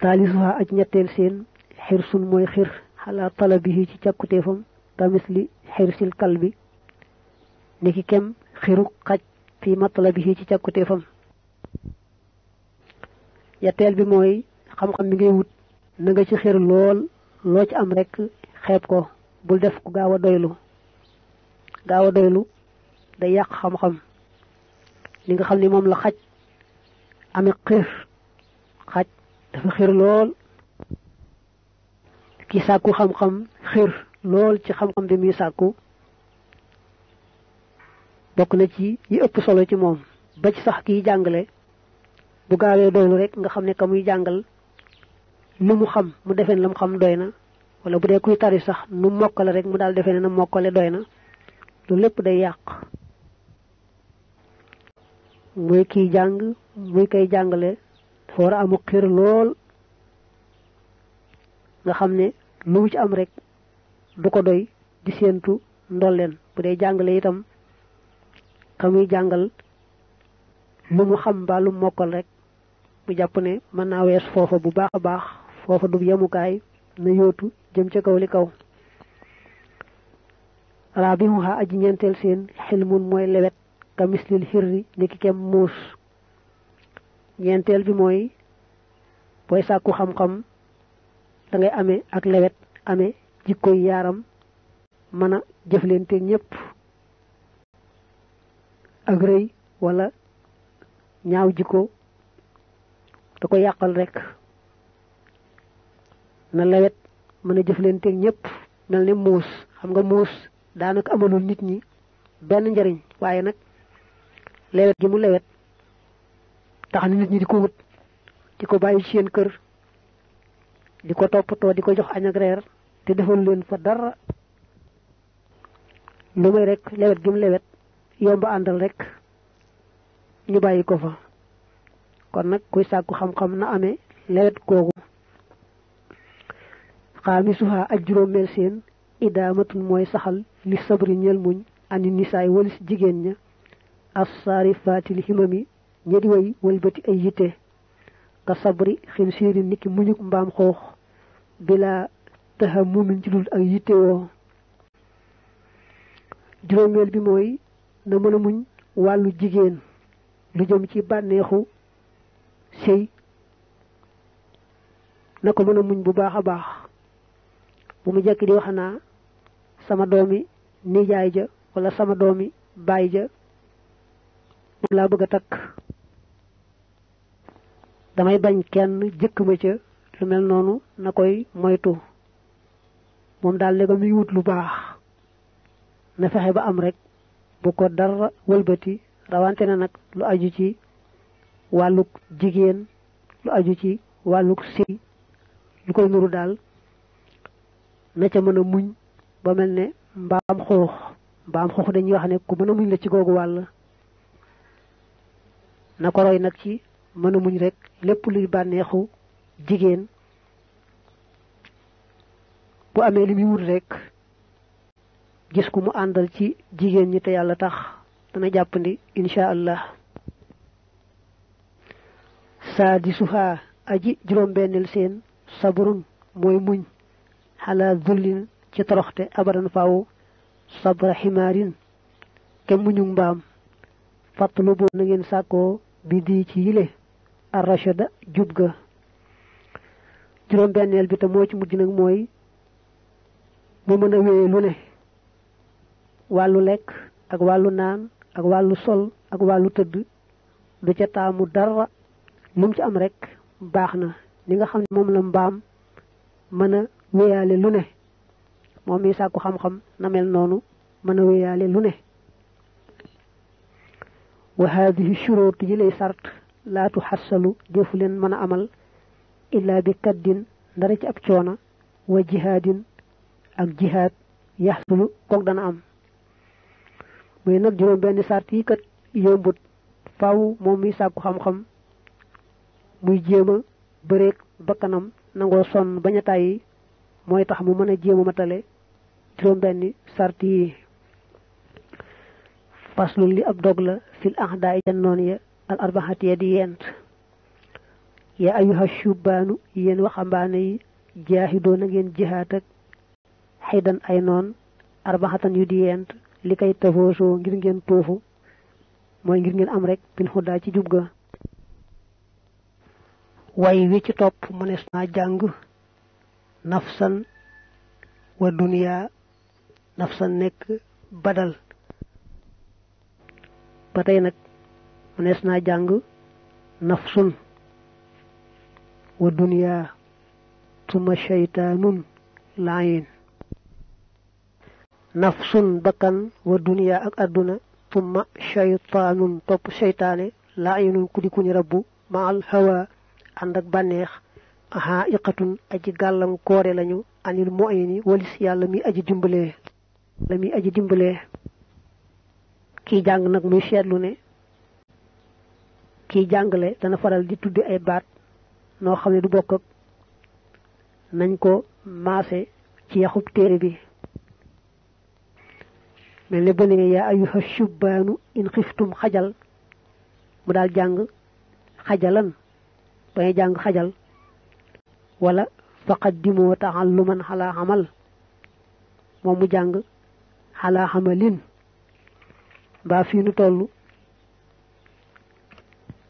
taalisuha aj ñetteel seen xirsun mooy xir xalaa talabihi ci càkkuteefam kamis li kal bi niki kem xiru xaj fi matalabihi ci càkkuteefam ñetteel bi mooy xam-xam mi ngay wut na ci xir lool loo ci am rekk xeeb ko bul def ko gaaw a doylu gaaw a doylu day yàq xam-xam li nga xam ni moom la xaj amee xiir xaj dafa xër lool kii sàkku xam-xam xër lool ci xam-xam bi muy sàkku bokk na ci yi ëpp solo ci moom ba ci sax kiy jàngale bu gaawee doylu rek nga xam ne ka muy jàngal lu mu xam mu defee ne la mu xam doy na wala bu dee kuy tari sax nu mokkale rek mu daal defee ne na mokkale doy na loolu lépp day yàq muy kiy jàng muy koy jàngale dafa war a amu lool nga xam ne lu ci am rek du ko doy di séentu ndolleen bu dee jàngale itam ka muy jàngal lu mu xam mbaa lu mokkal rek mu jàpp ne mën naa wees foofa bu baax a baax foofa du yamukaay na yootu jëm ca kaw li kaw raabihuha aji ñeenteel seen xilmun mooy lewet ka mislil xirri niki kem muus ñeenteel bi mooy booy sàkku xam-xam da ngay amee ak lewet amee jikkoy yaaram mën a jëflante ñépp ak rëy wala ñaaw jikko da ko yàqal rekk na lewet mën a leen jëflante ñépp mel ne muus xam nga muus daanaka amalul nit ñi benn njariñ waaye nag lewet gi mu lewet tax na nit ñi di ko wut di ko bàyyi ci seen kër di ko toppatoo di ko jox añ ak reer te defal leen fa dara lu may rek lewet gim lewet yomb àndal rek ñu bàyyi ko fa kon nag kuy sàkku xam-xam na amee lewet googu xaamisuha ak juróomeel seen idaamatun mooy saxal li sabri ñel muñ ani nisaay walis jigéen ña as saarifaati li ñetti way wëlbati ay yité ka sabri xinsiirin niki muñuk mbam xox bila tahamumin ci dul ak yité wo juróomeel bi moy na mëna muñ walu jigen lu jëm ci banexu sey nako mëna muñ bu baaxa baax bu mu jekk di waxna sama doomi nijaay ja wala sama doomi bayja ja bëgg tak damay bañ kenn jëkk ma ca lu mel noonu na koy moytu moom daal ko muy wut lu baax na fexe ba am rekk bu ko dara wëlbati rawante na nag lu aju ci wàlluk jigéen lu aju ci wàlluk sëy lu koy nuru daal na ca mën muñ ba mel ne mbaam xuux mbaam xuux dañuy wax ne ku mën a muñ la ci googu wàll na ko roy nag ci mën a muñ rekk lépp luy bànneexu jigéen bu amee li muy wut rekk gis ku mu àndal ci jigéen ñi te yàlla tax dana jàppandi incha allah saadisuha aji juróom-benneel seen sabrun mooy muñ xalaa zullin ci toroxte abadan faaw sabra ximaarin te muñu mbaam fàttalu boo na ngeen sàkkoo bi di ci yile arrachada jub ga juróom-benneel bi te moo ci mujj nag mooy mu mën a wéye lu ne wàllu lekk ak wàllu naan ak wàllu sol ak wàllu tëdd du ca taamu dara lu ci am rek baax na li nga xam ne moom la mbaam mën a wéyaale lu ne moom mi sàkku xam-xam na noonu mën a wéyaale lu ne wa haadihi shuruut yi lay sart laatu xassalu defu leen mën a amal illaa bi kaddin ndara ci ab coona wa jihaadin ak jihaad yaxsulu kook dana am muy nag juróom benn sart yi kat yombut faaw moom muy sàkku xam-xam muy jéem a bëreeg bakkanam nangoo sonn bañ mooy tax mu mën a jéem a matale juróom benni sart yi faslul li ab dog la fil ahdaa yi noon ya al arbaxat ya di yent ya ayuha shubbaanu yéen waxambaane kambani jaahidoo na ngeen jihaat ak xaydan ay noon arbaxatan yu di yent li kay ngir ngeen tuufu mooy ngir ngeen am rek bin xuddaa ci jub way wi ci nafsan wa dunia nafsan nek badal ba mënees naa jàng nafsun wa dunya tuma shaytanun laayin nafsun bakkan wa dunya ak aduna tuma shaytanun top shaytané layinun kudi kuñu rabbu ma'al hawa andak ak banex aha iqatun aji galam koore lañu anil mu'ayni walis yalla mi aji dimbalé lami aji dimbalé ki jang nak muy setlu ne kiy jàngale dana faral di tudd ay baat noo xam ne du bokk ak nañ ko maase ci yaxub téere bi mel ne bële ne yaa ayuha shubbaanu in xiftum xajal mu daal jàng xajalan baña jàng xajal wala faqaddimoo taalluman xalaa xamal moom mu jàng xalaa xamalin mbaa fii nu toll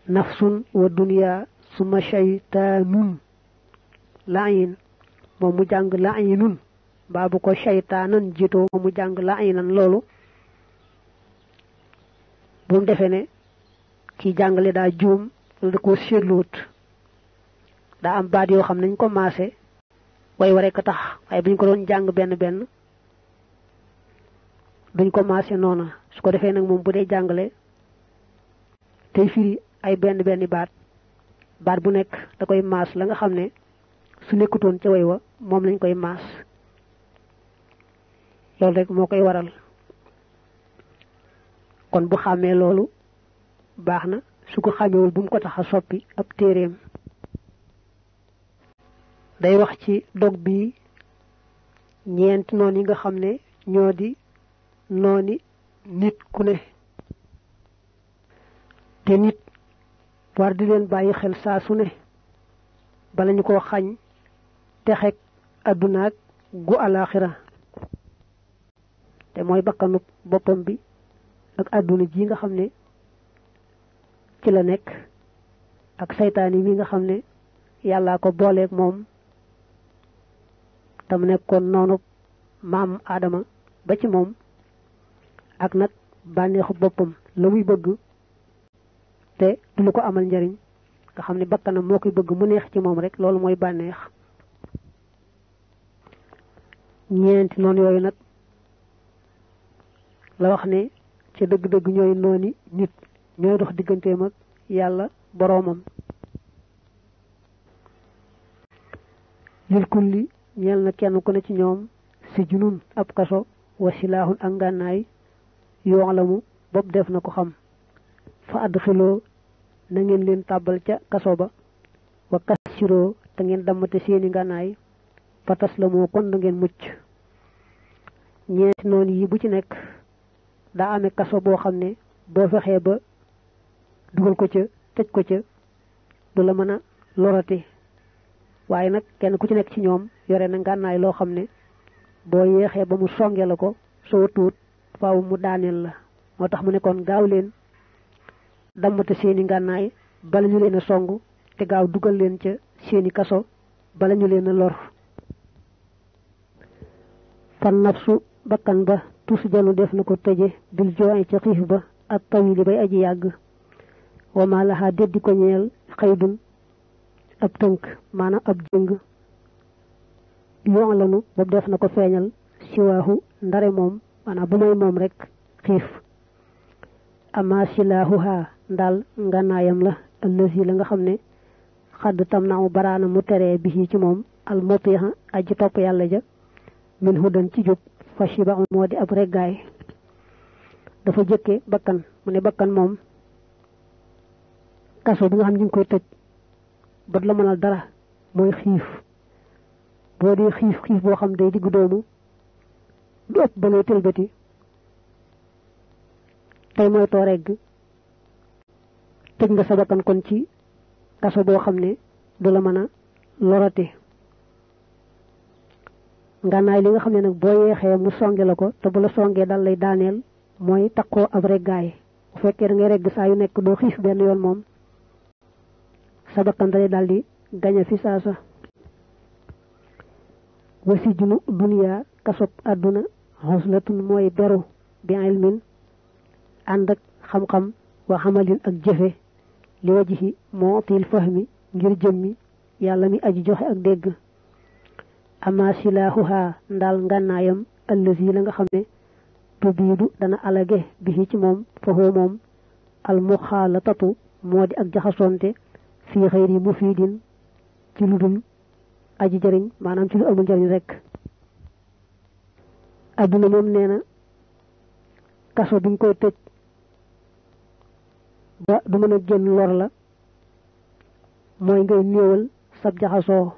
nafsun wa dunya suma shaytanun la'in mom mu jang la'inun babu ko shaytanan jito mu jang la'inan lolu bu ki jangale da joom da ko setlut da am baat yo xam nañ ko massé way waré ko tax ay buñ ko doon jang ben ben duñ ko nona su ko defé nak mom tay firi ay benn benn baat baat bu nekk da koy maas la nga xam ne su nekkutoon ca way wa moom lañ koy maas loolu rek moo koy waral kon bu xàmmee loolu baax na su ko xàmmewul bu mu ko tax a soppi ab téeréem day wax ci dog bi ñeenti noon yi nga xam ne ñoo di nooni nit ku ne te nit war di leen bàyyi xel saa su ne bala ñu ko xañ texeg addunaag gu alaaxira te mooy bakkanub boppam bi ak àdduna ji nga xam ne ci la nekk ak saytaan bi nga xam ne yàllaa ko booleek moom tam nekkoon noonu maam aadama ba ci moom ak nag bànneexu boppam la muy bëgg te du lu ko amal njariñ nga xam ne bakkanam moo koy bëgg mu neex ci moom rek loolu mooy bànneex ñeenti noonu yooyu nag la wax ne ca dëgg-dëgg ñooy nooni nit ñooy dox digganteem ak yàlla boroomam lil kulli ñeel na kenn ku ne ci ñoom si junun ab kaso wa silaaxun ak ngànnaay yoon la mu bopp def na ko xam fa àdd xiloo na ngeen leen tàbbal ca kaso ba wa kasiroo te ngeen dammate seeni nganaay fatas la moo kon na ngeen mucc ñeenti noonu yi bu ci nekk daa amee kaso boo xam ne boo fexee ba dugal ko ca tëj ko ca du la mën lorati waaye nag kenn ku ci nekk ci ñoom yore na ngànnaay loo xam ne boo yeexee ba mu songe la ko soo faaw mu daaneel la moo mu ne kon gaaw leen damata seeni ngànnaay bala ñu leen a song te gaaw dugal leen ca seeni kaso bala ñu leen a lor fan nafsu bakkan ba tus janu def na ko tëje bil jooy ca xiif ba ak tawili bay aji yàgg wa ma laha deddi ko ñeel xaydun ab tënk maanaam ab jëng yoon lanu ba def na ko feeñal ndare mom mana bu may moom rek xiif ama silaahu haa dal nganaayam la allazi la nga xamne xadd tamnaaw baraana mu tere bi ci mom al mutiha aji top yalla ja min hudan ci jub fa shiba modi ab regaay dafa jëkke bakkan mu ne bakkan mom kasso bi nga xam ñu koy tejj bat la mënal dara moy xiif bo di xiif xiif bo xam day diggu doomu du ëpp ba tëlbati tey mooy too tëj nga sabakan kon ci kasso boo xam ne du la mën a lorate ngànnaay li nga xam ne nag boo yeexee mu songe la ko te bu la songee dal lay daaneel mooy takkoo ab reggaay bu fekkee da ngay regg yu nekk doo xiif benn yoon moom dalay fi saa wasi junu dunia kasob aduna xoslatun mooy beru bi ilmin ànd ak xam-xam wa xamalin ak li wajhi mu'til fahmi ngir jëmmi yàlla mi aji joxe ak dégg ama silahuha ndaal ngànnaayam allazi la nga xam ne tubiidu dana alage bihi ci moom fahu moom almuxaalatatu moo di ak jaxasonte fii xëyri mufidin ci lu dul aji jariñ maanaam ci lu amul jariñ rek adduna moom nee na kaso koy tëj ba du mën a génn lor la mooy ngay néewal sab jaxasoo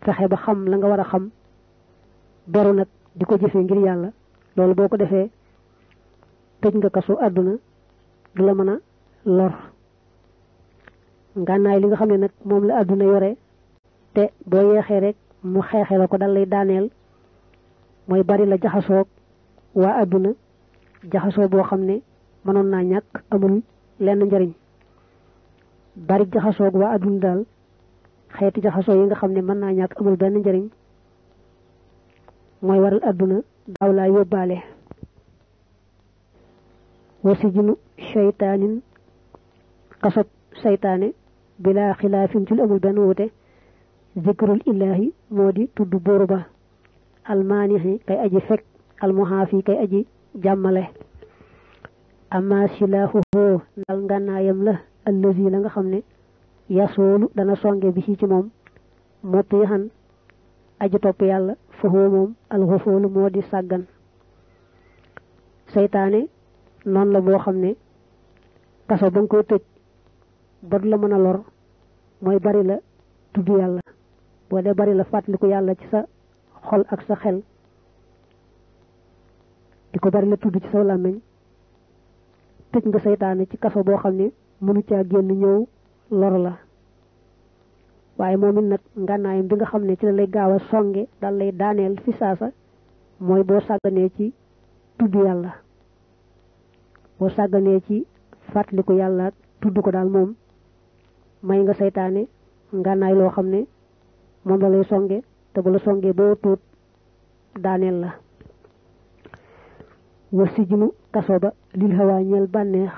fexe ba xam la nga war a xam beru nag di ko jëfee ngir yàlla loolu boo ko defee tëj nga kaso àdduna du la mën a lor ngànnaay li nga xam ne nag moom la àdduna yore te boo yeexee rek mu xeexe la ko dal lay daaneel mooy bari la jaxasoog waa àdduna jaxasoo boo xam ne manon na ñak amul lenn njariñ bari ak wa adun dal xeeti jaxaso yi nga xamne man na ñak amul benn njariñ moy waral aduna daw la yobale wasi jinu shaytanin qasat shaytané bila khilafin ci amul benn wuute zikrul ilahi modi tuddu boruba bóoru kay aji fekk almuhaafi kay aji jamale amma silahuhu ndal ngànnaayam la allazi la nga xamne ne dana songe bi ci ci moom han aji yalla fa ho mom al moo modi sagan seytaane non la bo xamne kasso bang koy la mën lor moy bari la tuddu yalla bo dee bari la fàttaliku yalla ci sa xol ak sa xel diko bari la tuddu ci sa lamagne tej nga seytaane ci kaso boo xam ne mënu caa génn ñëw lor la waaye moom it nag ngànnaayam bi nga xam ne ci la lay gaaw a songe dal lay daaneel fi saasa mooy boo sàgganee ci tudd yàlla boo sàgganee ci fàttaliku yàlla tudd ko daal moom may nga seytaane ngànnaay loo xam ne moom lay songe te bu la songe boo tuut daaneel la kaso lil hawa ñel banex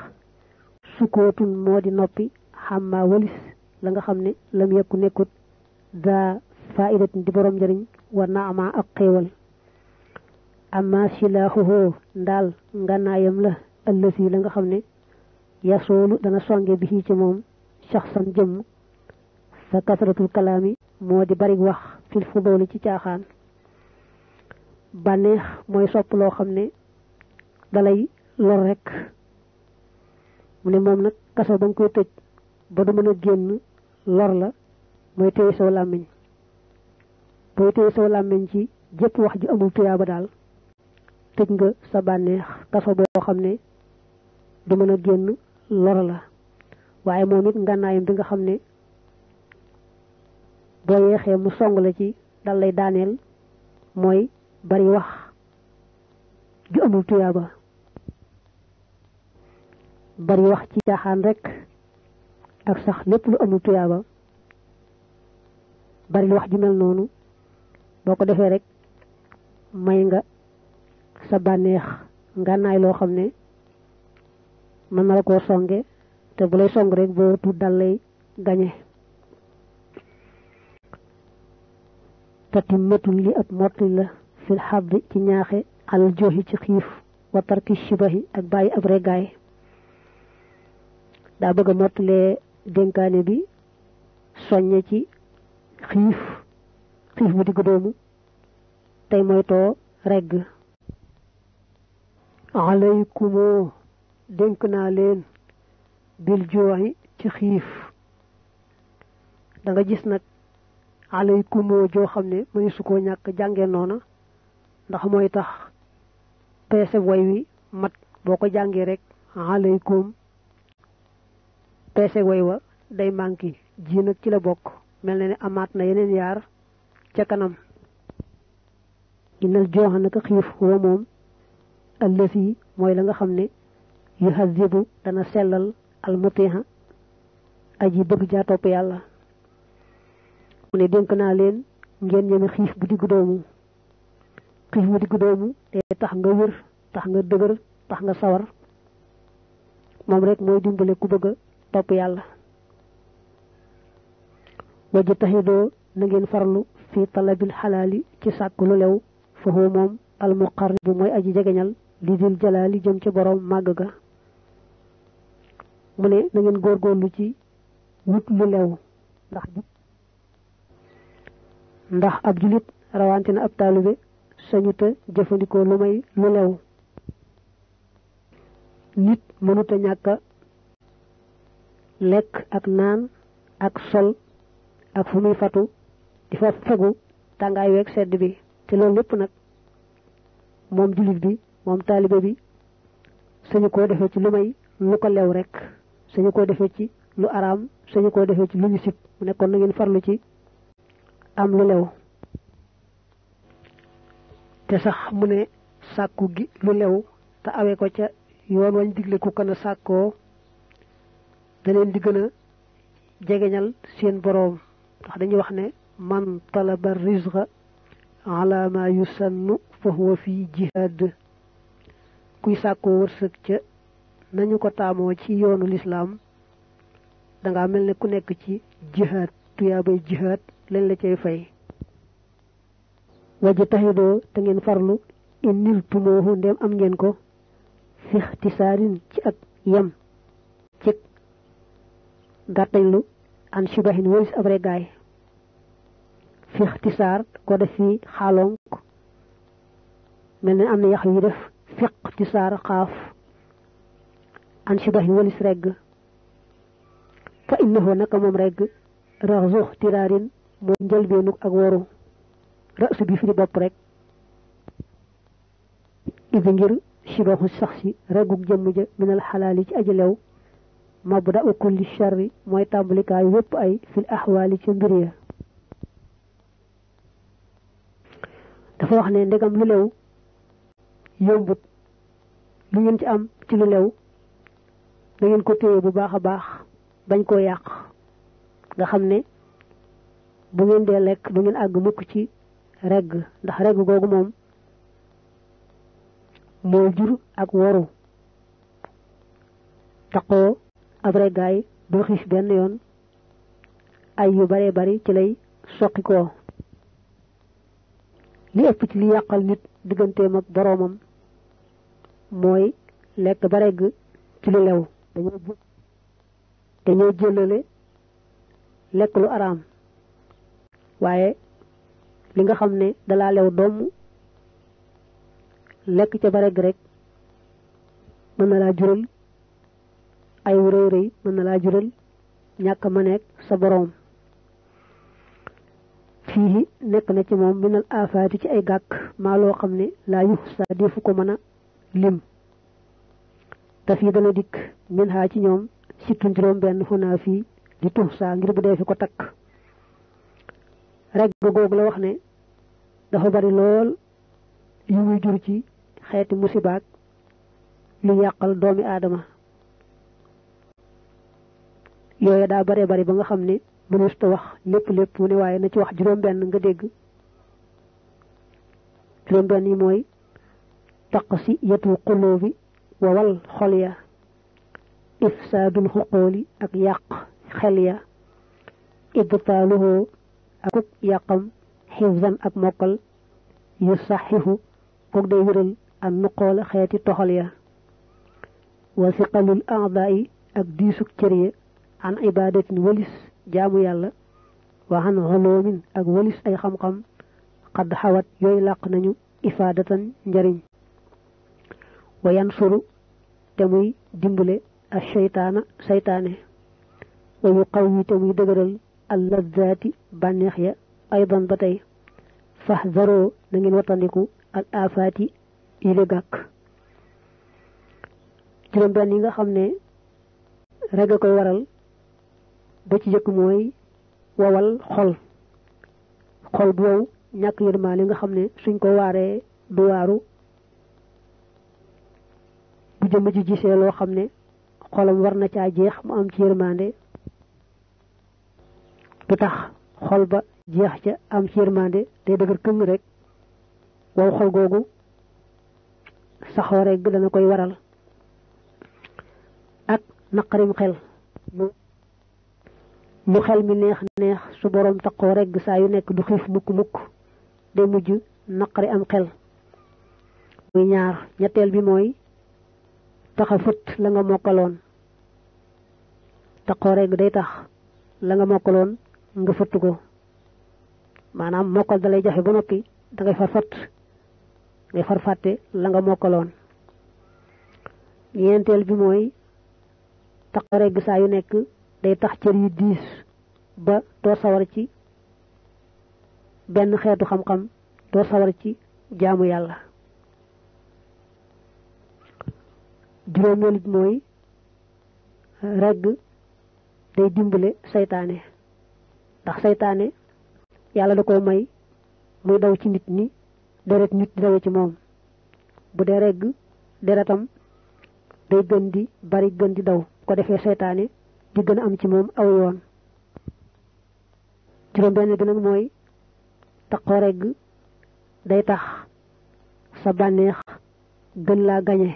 sukootun modi nopi noppi walis la nga xamne lam yekku nekut da faidatin di borom njëriñ war na amaa ak xéewal amma silaaxuhu ndaal nganaayam la ëllësi la nga xamne yasulu dana songe bi ci mom shakhsan jëm fa kasratul kalami modi bari wax fil fudul ci tiaxan banex moy sopp lo xamne dalay lor rek mu ne moom nag kaso ba nga koy tëj ba du mën a génn lor la mooy téye soo làmmiñ booy téye soo làmmiñ ci jëpp wax ju amul tuyaaba daal tëj nga sa bànneex kaso boo xam ne du mën a génn lor la waaye moom it ngànnaayam bi nga xam ne boo yeexee mu song la ci dal lay daaneel mooy bari wax ju amul tuyaaba bari wax ci caaxaan rek ak sax lépp lu amul tuyaaba bari wax ju mel noonu boo ko defee rek may nga sa bànneex ngànnaay loo xam ne mën na la koo songe te bu lay song rek boo tu dal lay gañe tatimmatul li ab mottali la fil xabbi ci ñaaxe al joxi ci xiif wa tarki shibahi ak bàyyi ab regaay daa bëgg a mottalee dénkaane bi soññe ci xiif xiif bu digg doomu tey moytoo regg alaykumoo dénk naa leen bil jooxi ci xiif da nga gis nag alaykumoo joo xam ne mënu su ñàkk jànge noona ndax mooy tax peese woy wi mat boo ko jàngee rek alaykum peese woy wa day manqué ji nag ci la bokk mel na ne amaat na yeneen yaar ca kanam inal jooxa naka xiif woo moom yi mooy la nga xam ne yu hazibu dana sellal almutiha aji bëgg jaa yàlla mu ne dénk naa leen ngeen ñeme xiif bu diggu doomu xiif bu diggu doomu te tax nga wér tax nga dëgër tax nga sawar moom rek mooy dimbale ku bëgg topp yàlla waji taxidoo na ngeen farlu fi talabil xalaali ci sàkk lu lew fa hu moom almuqarribu mooy aji jegeñal li dil jalaali jëm ci borom màgg ga mu ne na ngeen góorgóorlu ci wut lu lew ndax ndax ab julit rawante na ab taalibe sañuta jëfandikoo lu may lu lew nit mënuta ñàkka lekk ak naan ak sol ak fu muy fatu di fa fegu tàngaay weeg sedd bi te loolu lépp nag moom jullit bi moom taalibe bi sañu koo defee ci lu may lu ko lew rekk sañu koo defee ci lu araam sañu koo defee ci lu ñu sib mu nekkoon na ngeen farlu ci am lu lew te sax mu ne sàkku gi lu lew te awee ko ca yoon wañ digle ku gën a sàkkoo daleen di gën a jegeñal seen boroom tax dañuy wax ne man talaba rizqa ala ma yusannu fa huwa fi jihaad kuy sàkkoo wërsëg ca nañu ko taamoo ci yoonu lislaam danga mel ne ku nekk ci jihaad tuyaabay jihaad lañ la cay fay waji taxidoo te ngeen farlu inil tumoohu ndem am ngeen ko fixtisaarin ci ak yem cig gàttañlu an subahin walis ab regaay fi ixtisaar ko def fi xaalonk mel ne am na yax yi def fi ixtisaar xaaf an subahin walis regg fa innahu naka moom regg raxsu tiraarin mooy njëlbeenuk ak woru rasu bi firi bopp rek idi ngir sibahu sax si regguk jëmm ja minal xalaali ci aji lew mabda u kulli charri mooy tàmbalikaayu wépp ay fil axwaali ca mbir ya dafa wax ne ndegam lu lew yombut lu ngeen ci am ci lu lew da ngeen ko téye bu baax a baax bañ koo yàq nga xam ne bu ngeen dee lekk bu ngeen àgg mukk ci regg ndax regg googu moom moo jur ak woru taqoo ab reggaay bul xiif benn yoon ay yu baree bari ci lay soqi li ëpp ci li yàqal nit diggante ak boroomam mooy lekk ba regg ci lu lew dañoo jëlale lekk lu araam waaye li nga xam ne dalaa lew doomu lekk ca ba regg rek mën na laa jural ay wu rëy mën na laa jural ñàkk ma nekk sa boroom fii nekk na ci moom minal aafaati ci ay gàkk maa loo xam ne laa yu saa defu ko mën a lim daf yi dana dikk min haa ci ñoom sittun juróom benn fu naa fii di tux saa ngir bu dee fi ko takk rek googu la wax ne dafa bari lool yu muy jur ci xeeti musibaak lu yàqal doomi aadama yooyu daa bare bare ba nga xam ne mënees ta wax lépp lépp mu ne waaye na ci wax juróom benn nga dégg juróom benn yi mooy taqsi yatu qulubi wa wal xol ya ifsaadul xuqooli ak yàq xel ya ibtaaluhu akuk yàqam xifzan ak mokkal yu saxihu kook day wéral an nuqoola xeeti toxal ya wa siqalul aadaay ak diisuk cër ya عن عبادة ولس جام يلا وعن علوم أك ولس أي خمقم قد حوت يلاق نيو إفادة جرين وينصر تموي دمبلي الشيطان سيطانه ويقوي تموي دقرل اللذات بانيخيا أيضا بتي فاحذروا نجن وطنكو الآفات إلغاك جرم بانيغا خمني رجل كوارل ba ci jëkk mooy wawal xol xol bu wow ñàkk yërmaane nga xam ne suñ ko waaree du waaru bu jëmm ji gisee loo xam ne xolam war na caa jeex mu am ci yërmaande du tax xol ba jeex ca am ci yërmaande day dëgër këng rek wow xol googu saxoo rek dana koy waral ak naqarim xel mu xel mi neex neex su borom takko regg sa yu nek du xiif mukk mukk takafut muju naqari am xel muy ñaar ñettel bi moy taxa fut la nga mokalon takko regg day tax la nga mokalon nga fut ko manam mokal dalay joxe bu nopi da ngay far ngay far la nga mokalon ñentel bi moy takko sa yu nek day tax cër yi diis ba doo sawar ci benn xeetu xam-xam doo sawar ci jaamu yàlla juróomeel mooy regg day dimbale saytaane ndax saytaane yàlla da koy may muy daw ci nit ni deret nit di dawe ci moom bu dee regg deretam day gën di bari gën di daw ko defee saytaane di gën a am ci moom aw yoon juróom benn bi nag mooy taqoo regg day tax sa bànneex gën laa gañe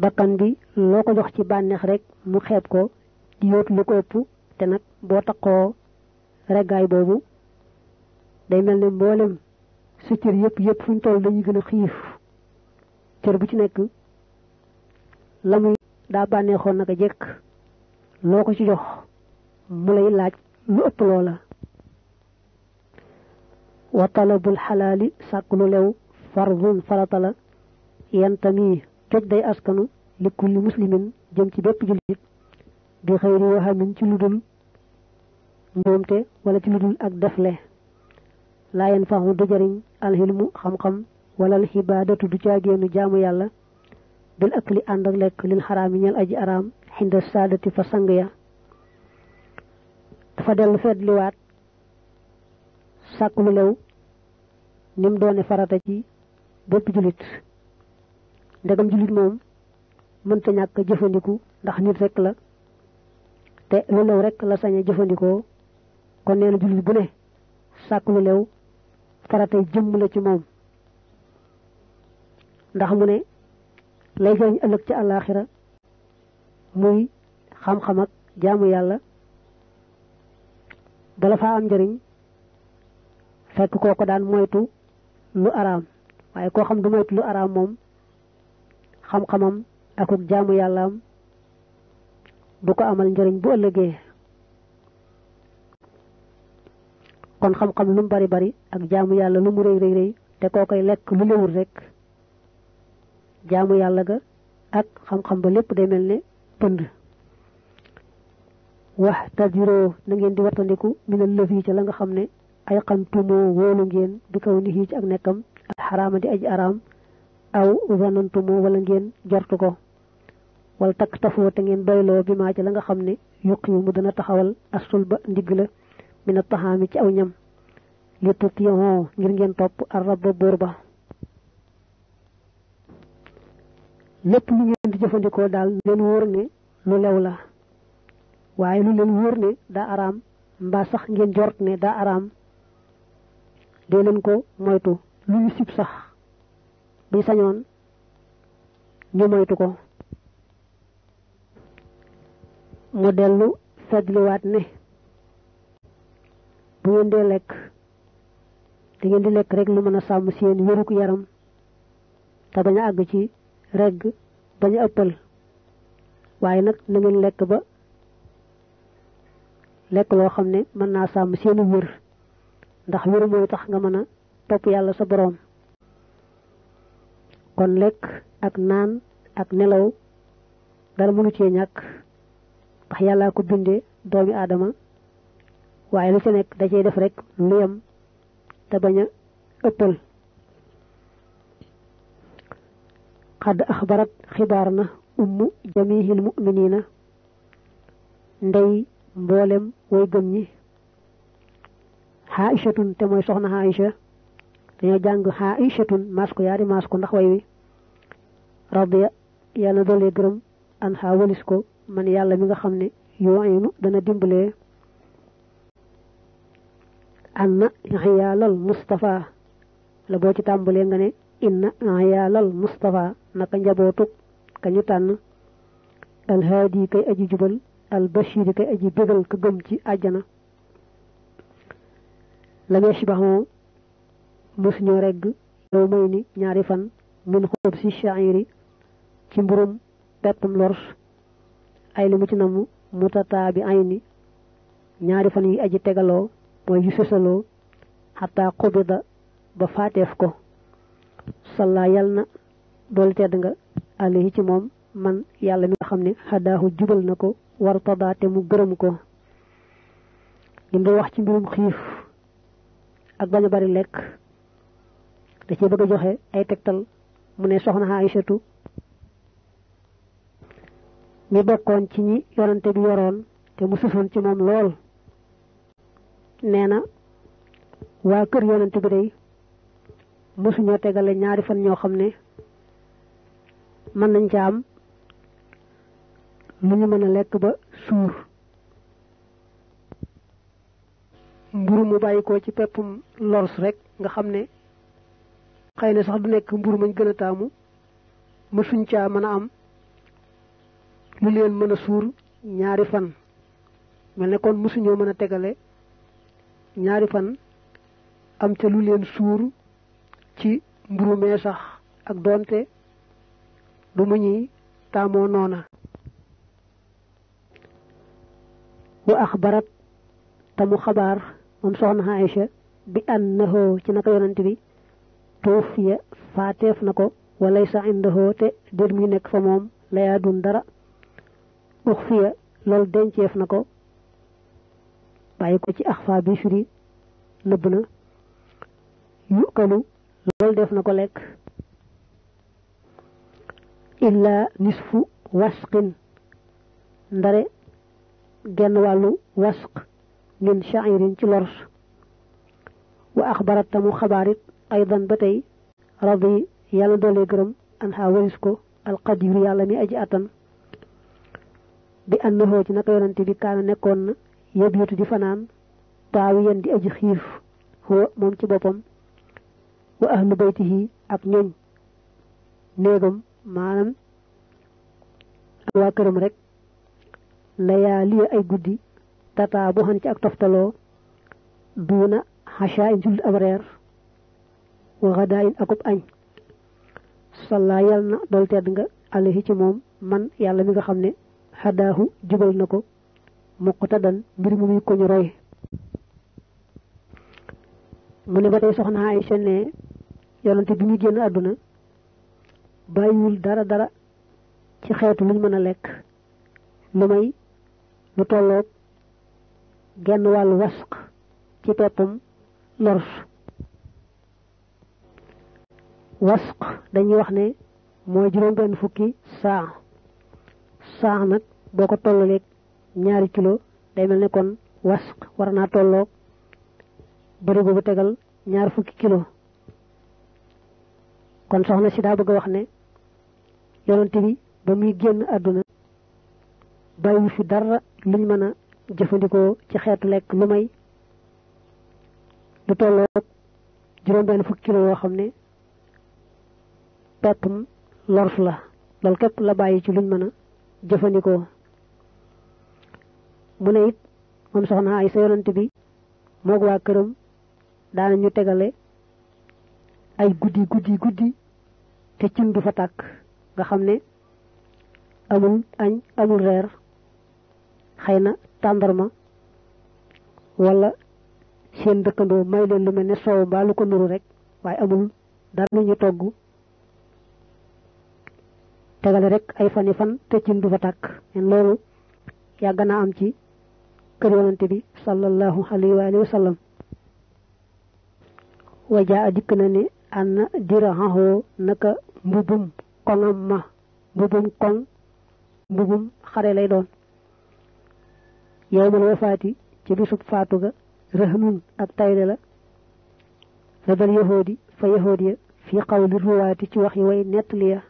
bakkan bi loo ko jox ci bànneex rek mu xeeb ko di yóot lu ko ëpp te nag boo taqoo reggaay boobu day mel ne mboolem sa cër yépp yépp fuñ toll dañuy gën a xiif cër bu ci nekk la muy daa bànneexoon naka jekk loo ko ci jox mu lay laaj lu ëpp loola wa talabul xalaali sàkk lew fardun farata la yantami joj day askanu li kulli muslimin jëm ci bépp jullit bi xëyri waxamin ci ludul ndoomte wala ci ludul ak defle laayen faxu du jariñ alxilmu xam-xam wala alxibaadatu du caageenu jaamu yàlla bil akli and ak lin haram xaraami ñal aji araam hinda saadati fa sang ya dafa dellu li wat sakku lew nim doone farata ci bop julit ndegam julit mën ta ñak jëfëndiku ndax nit rek la te lu lew rek la sañe jëfëndiko kon neena julit bu ne sakku lew farata jëm la ci mom ndax mu ne lay feeñ ëllëg ci àllaaxira muy xam-xam ak jaamu yàlla dala faa am njëriñ fekk koo ko daan moytu lu araam waaye koo xam du moytu lu araam moom xam-xamam akuk jaamu yàllaam du ko amal njëriñ bu ëllëgee kon xam-xam lu mu bari bari ak jaamu yàlla lu mu rëy rëy te koo koy lekk lu lewul rekk jaamu yàlla ga ak xam-xam ba lépp day mel ne pënd wax tajiroo na ngeen di wattandiku at lëf yi ca la nga xam ne ay ngeen bi kaw ni ci ak nekkam di aji araam aw zanantumoo wala ngeen jartu ko wal takk tafoo te ngeen doyloo bi maa ci la nga xam ne yuq mu dana taxawal asul ba ndigg la mina taxaami ci aw ñam li tutiyoo ngir ngeen topp arab ba buur lépp lu ngeen di jëfandikoo daal leen wóor ne lu lew la waaye lu leen wóor ne daa araam mbaa sax ngeen jort ne daa araam dee leen ko moytu lu ñu sib sax bi sañoon ñu moytu ko mu dellu wat ne bu ngeen dee lekk di ngeen di lekk rek lu mën a sàmm seen wéruk yaram te bañ a àgg ci reg bañ a ëppal waaye nag na ngeen lekk ba lekk loo xam ne mën naa sàmm seenu wér ndax wér mooy tax nga mën a topp yàlla sa boroom kon lekk ak naan ak nelaw dara mënu cee ñàkk ndax yàllaa ko bindee doomi aadama waaye lu ci nekk da cay def rek lu yem te bañ a ëppal قد أخبرت خبارنا أم جميع المؤمنين ndey mboolem way gëm ñi xaishatun te mooy soxna xaisha dañoo jàng xaishatun maas ko yaari maas ko ndax way wi rabia yàlla doole gërëm an xaa walis ko man yàlla mi nga xam ne yuinu dana dimbalee anna xiyaalal mustafa la boo ci tàmbalee nga ne inna ayaalal Moustapha naka njabootug kañu tànn alhaadi kay aji jubal albashiri kay aji bégal ka gëm ci àjjana lam yashbahu mosuñoo regg yow may ni ñaari fan min xob si shairi ci mburum peppam lors ay li ci namu mutataa bi ay ni ñaari fan yi aji tegaloo mooy yu sësaloo xataa xobida ba faateef ko salla yal na dool tedd nga alayhi ci moom man yàlla mi nga xam ne xadaahu jubal na ko war tadaa te mu gërëm ko li mu wax ci mbirum xiif ak bañ a lekk da cee bëgg a joxe ay tegtal mu ne soxna Aysatu mi bokkoon ci ñi yonante bi yoroon te mu sufoon ci moom lool nee na waa kër yonante bi day mësuñoo tegale ñaari fan ñoo xam ne mën nañ ca am lu ñu mën a lekk ba suur mburu mu bàyyi ko ci peppum lors rek nga xam ne xëy na sax du nekk mburu mañ gën a taamu mësuñ caa mën a am lu leen mën a suur ñaari fan mel ne kon mësuñoo mën a tegale ñaari fan am ca lu leen suur ci mburu sax ak doonte du mu ñuy taamoo noona wa axbarat tamu xabaar moom soxna Aïcha bi annahu ci naka yonent bi tuufiya faateef na ko walay sa indahu te déet nekk fa moom layaa dun dara uxfiya loolu denceef na ko bàyyi ko ci axfa bi firi nëbb na yukalu loolu def na ko lekk illa nisfu wasqin ndare genn wàllu wasq min sha'irin ci lors wa axbarat tamu xabaarit aydan ba tey radi yàlla doole gërëm an ha waris ko alqadiru yàlla mi aji atan bi annahoo ci naka yonante bi kaana nekkoon na yebiitu di fanaan taawi yen di aji xiif huwa moom ci boppam wa ahlu baytihi ak ñoñ neegam manam wa kërëm rek layaali ay guddi tata bu han ci ak toftalo duna hasha jul abrar wa ghadain akub añ salla yalna dol tedd nga alayhi ci man yalla mi nga hadahu jubal nako muqtadan mbir mu ko ñu roy mu ne soxna ne yonante bi muy génn àdduna bàyyiwul dara dara ci xeetu luñ mën a lekk lu may lu tolloog genn wàllu wasq ci peppam lors wasq dañuy wax ne mooy juróom benn fukki saa saa nag boo ko tollaleeg ñaari kilo day mel ne kon wasq war naa tolloog bërigo bu tegal ñaar fukki kilo kon soxna si daa bëgg a wax ne yonent bi ba muy génn àdduna bàyyi fi dara luñ mën a jëfandikoo ci xeetu lekk lu may lu tolloog juróom benn fukki kilo yoo xam ne peppum lorf la loolu képp la bàyyi ci luñ mën jëfandikoo mu ne it moom soxna ay sa yonent bi moog waa këram daana ñu tegale ay guddi guddi guddi te cin du fa tàkk nga xam ne amul añ amul reer xëy na tàndarma walla seen dëkkandoo may leen lu mel ne soow mbaa lu ko nuru rek waaye amul dara lu ñu togg tegale rek ay fani fan te cin du fa tàkk en loolu yàgg naa am ci kër yonante bi sallallahu alayhi wa sallam wajaa dikk na ne anna dirahahu naka mbubum koŋam ma mbubum koŋ mbubum xare lay doon yowmal wafaati ci bisub faatu ga rëhmun ak tayde la radal yahoodi fa yahood ya fi qawli ruwaati ci wax yi way nettali ya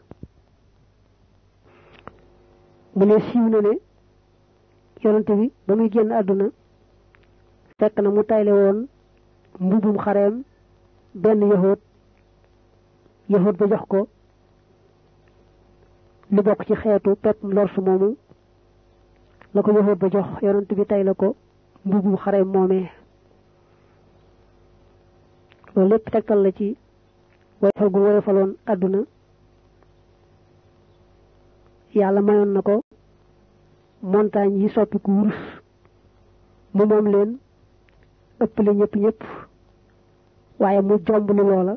mu ne siiw na ne yonante bi ba muy génn àdduna fekk na mu tayle woon mbubum xareem benn yahood yahut ba jox ko lu bokk ci xeetu pepp lors moomu la ko yahut ba jox yonent bi tay la ko mbubu xare moomee loolu lépp tegtal la ci woyofal gu woyofaloon àdduna yàlla mayoon na ko montagne yi soppiku wurus mu moom leen ëpp la ñëpp ñëpp waaye mu jomb lu loola